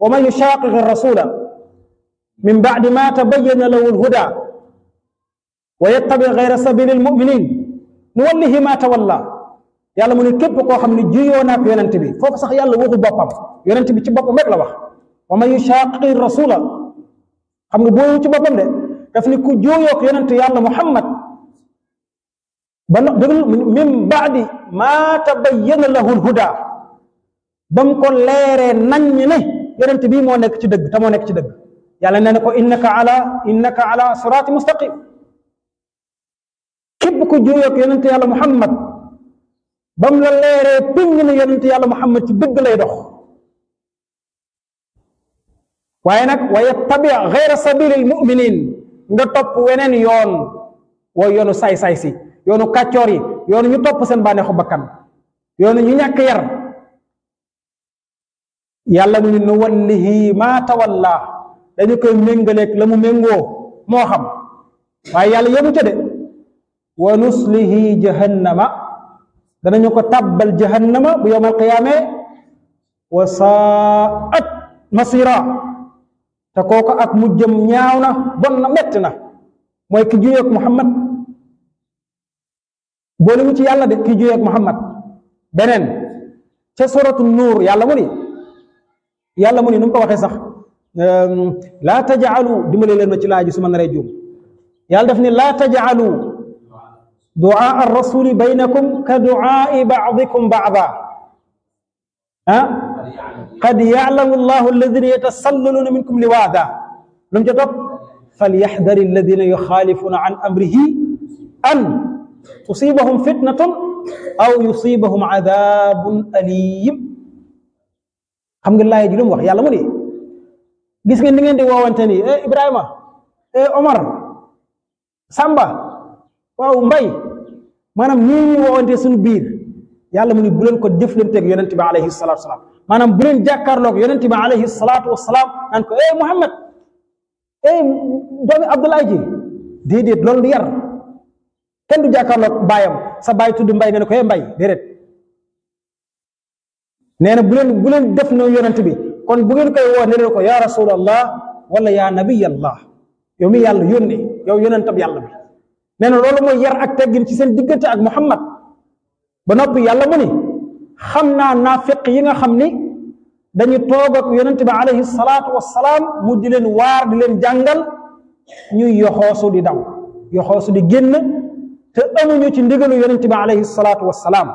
ومن يشاقق الرسول من بعد ما تبين له الهدى ويتبع غير سبيل المؤمنين نوله ما تولى yàlla mu ne képp koo xam ne juyoo naak yonent bi foofu sax yàlla waxu boppam yonent bi ci boppam rek la wax wa man yushaqi rasula xam nga booyu ci boppam de daf ni ku juyook yonent yàlla muhammad ba no dégl min baadi maa tabayyana lahu lhuda ba mu ko leeree nañ ne yonent bii moo nekk ci dëgg te moo nekk ci dëgg yàlla nee na ko innaka ala innaka ala siraati mustaqim képp ku juyoog yonent yàlla muhammad ba mu la leeree péng na yonent yàlla muhammad ci dëgg lay dox waaye nag wa yattabi gayra sabilil muminin nga topp weneen yoon wooy yoonu saay-saay si yoonu kàccoor yi yoonu ñu topp seen bànneexu bakkan yoonu ñu ñàkk yar yàlla mu ni nu wallihi maa tawalla dañu koy méngaleeg la mu méngoo moo xam waaye yàlla yemu ca de wa nuslihi jahannama danañu ko tàbbal jahannama bu yowmal qiyaamee wa saat masira te kooku ak mujjëm ñaaw na bon na metti na mooy ki juyeeg muhammad boole mu ci yàlla de ki juyeeg muhammad beneen ca suratu nuur yàlla mu ni yàlla mu ni nu mu ko waxee sax euh, laa tajaalu dimbale leen ma ci laaj su ma naree juum yàlla def ni laa tajaalu duaa ar rasuli baynakum ka duaai baadikum baada ah qad yaalamu allahu alladina yatasallaluuna minkum liwaada lu mu ca topp falyaxdari alladina yuxaalifuuna an amrihi an tusibahum fitnatun aw yusibahum adabun alim xam nga laay ji mu wax yàlla mu ne gis ngeen ni ngeen di woowante ni eh Ibrahima eh Omar Samba Mbay maanaam ñii ñuy woowante suñu biir yàlla mu ne bu leen ko jëflanteeg yonent bi alayhi salaatu wasalaam maanaam bu leen jàkkaarloog yonent bi alayhi salaat wasalaam naan ko eh Muhammad eh doomi Abdoulaye ji déedéet loolu du yar kenn du jàkkaarloog baayam sa baay tudd Mbay nga ko eh Mbay déedéet. nee na bu leen def na yonent bi kon bu ngeen koy woo ne leen ko yaa rasulallah wala yaa nabiyallah yow mi yàlla yónni yow yonentab yàlla bi nee na loolu mooy yar ak teggin ci seen diggante ak muhammad ba noppi yàlla mu ni xam naa naafiq yi nga xam ni dañu toog ak yonent bi alayhi salaatu wasalaam mu di leen waar di leen jàngal ñuy yoxoosu di daw yoxoosu di génn te amuñu ci ndigalu yonent bi alayhi salaatu wasalaam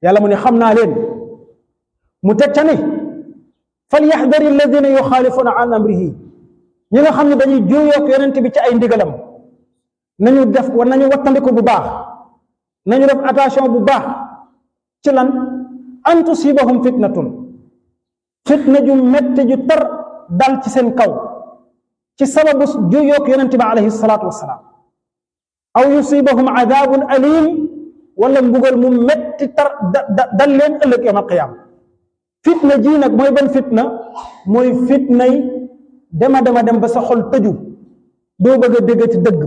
salaam mu ne xam naa leen mu teg ca ne falyaxdari alladina yuxaalifuuna an amrihi ñi nga xam ne dañuy juyoog yonent bi ci ay ndigalam nañu def war nañu wattandiku bu baax nañu def attention bu baax ci lan an tusibahum fitnatun fitna ju mette ju tar dal ci seen kaw ci sababu juyoog yonent bi alayhi salaatu wassalaam aw yusibahum adabun alim wala mbugal mu metti tar dal leen ëllëg yawm alqiyaama fitna ji nag mooy ban fitna mooy fitnay dema dema dem ba sa xol tëju doo bëgg déggati dëgg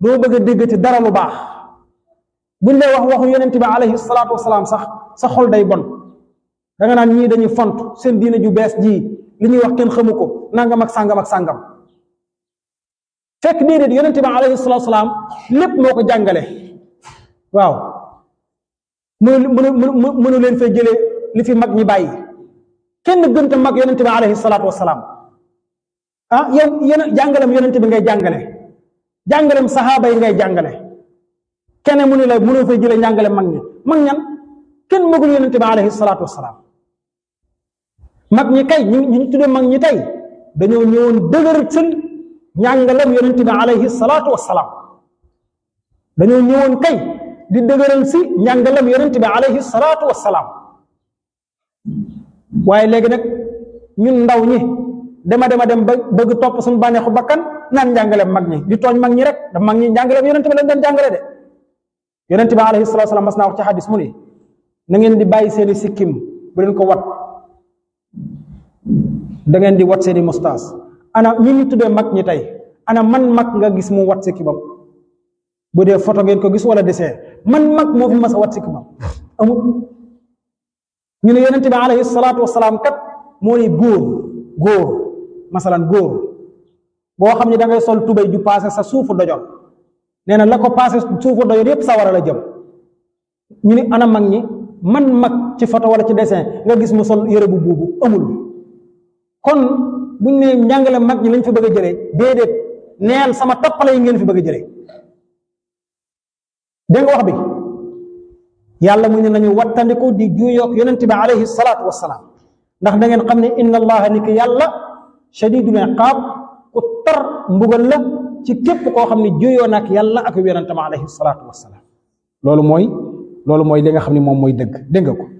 doo bëgg déggati dara lu baax buñ lay wax waxu yonent bi alayhi salaatu salaam sax sa xol day bon danga naan ñii dañuy font seen diine ju bees jii li ñuy wax kenn xamu ko nangam ak sàngam ak sàngam fekk déedéet yonent bi alayhi salaatu wasalaam lépp moo ko jàngale waaw mënu mënu mënu leen fay jëlee li fi mag ñi bàyyi kenn gën te mag yonente bi alayhi salaatu wasalaam ah yéen yéen jàngalem yonente bi ngay jàngale jàngalem saxaaba yi ngay jàngale kene mu ni la mënoo fay jële jàngale mag ñi mag ñan kenn magul yonente bi alayhi salaatu mag ñi kay ñu ñu tuddee mag ñi tey dañoo ñëwoon dëgërëtal njàngalem yonente bi alayhi salaatu wasalaam dañoo ñëwoon kay di dëgëral si njàngalem yonente bi alayhi salaatu wasalaam waaye léegi nag ñun ndaw ñi dema dema dem ba bëgg topp suñu bànneexu bakkan naan njàngaleem mag ñi di tooñ mag ñi rek da mag ñi njàngaleem yonent bi lañ doon jàngale de yonent bi alayhi salaatu salaam mas naa wax ci xadis mu ni na ngeen di bàyyi seeni sikkim bu leen ko wat da di wat seeni mustaas ana ñi ñu tuddee mag ñi tey ana man mag nga gis mu wat sikkimam bu dee photo ngeen ko gis wala dessin man mag moo fi mas a wat sikkimam ñu ne yonente bi alayhi salaatu wasalaam kat moo ne góor góor masalan góor boo xam ne dangay sol tubay ju paase sa suufu dojoon nee na la ko paase suufu dojoon yépp sa war a la jëm ñu ne ana mag ñi man mag ci photo wala ci dessin nga gis mu sol yére bu buubu amul kon buñ ne njàngale mag ñi lañ fi bëgg a jëlee déedéet neel sama toppale yi ngeen fi bëgg a jëlee dégg nga wax bi yàlla mu ne nañu wattandiku di juuyoog yonent bi alayhi salaatu wasalaam ndax da ngeen xam ne inna allaha ni ki yàlla shadidul iqaab ku tar mbugal la ci képp koo xam ne juuyoo nag yàlla ak yonentam alayhi salaatu loolu mooy loolu mooy li nga xam ne moom mooy dëgg dégg ko